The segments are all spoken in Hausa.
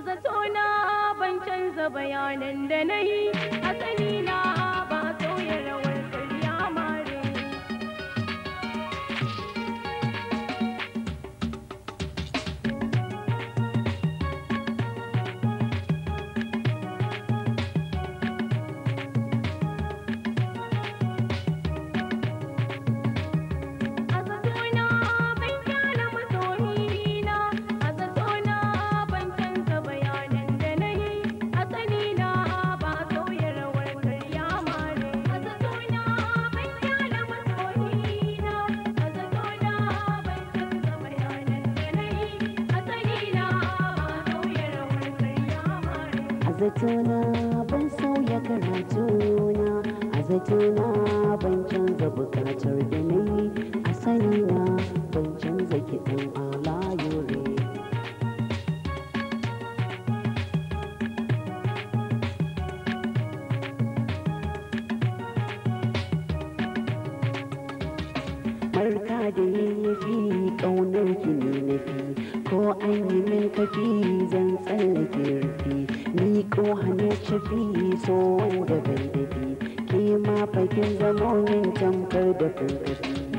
a zato na ban canza bayanan da na yi a sani na ba sauya rawar zatona ban sauya karatuna a zatona ban canza bukatar da na yi a sanina ban canza kiɗan ala barka da fi ƙaunar ki ne na fi ko an yi min kafi zan tsallake rufi ni ko hannu shafi so da bai dafi ke ma fakin zama min tamkar da fankafi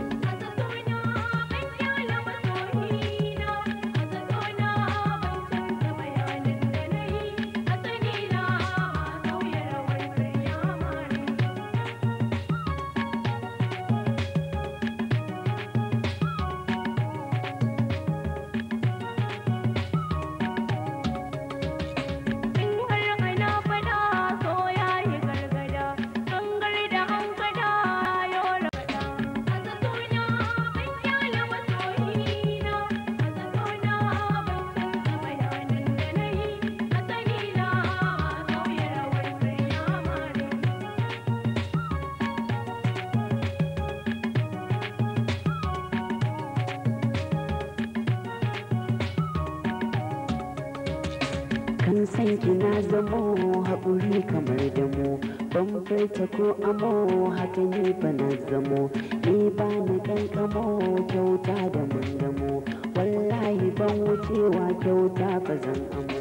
An san kina zamo haƙuri kamar damo, ban furta ko amo haka ni bana zamo, ni ba na kyauta da mun gamo, wallahi ban wucewa kyauta ba zan amo.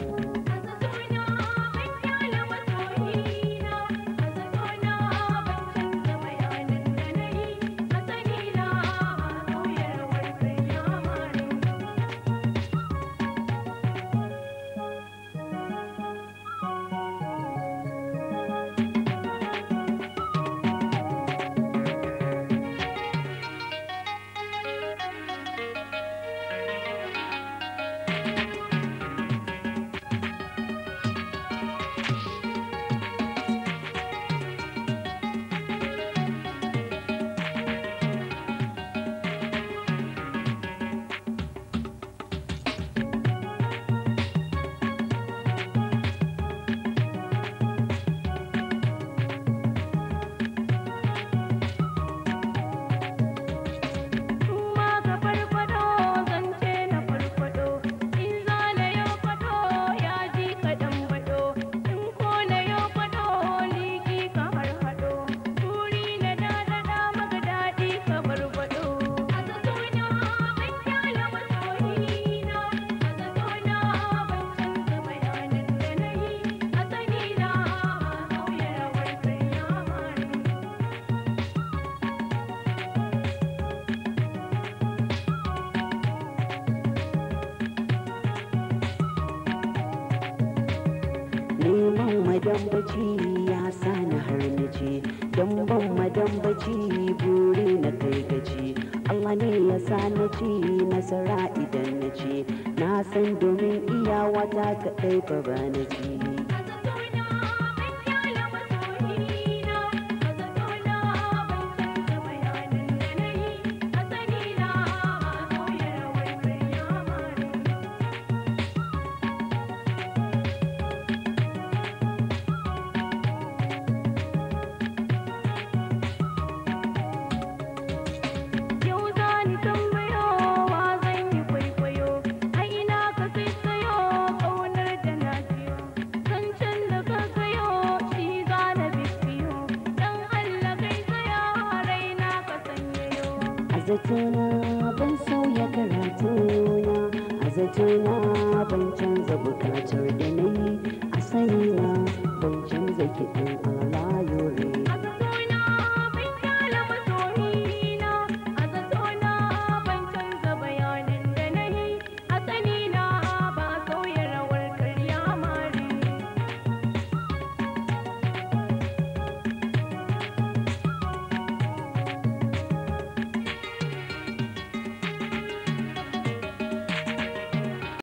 madambaci ya sani har na ce don ban madambaci buri na kai gaci Allah ne ya sa na ci nasara idan na ce na san domin iyawa ta kaɗai ba na ci zatona ban sauya karatuna a zatona ban canza bukatar da na a ban canza kiɗan ala.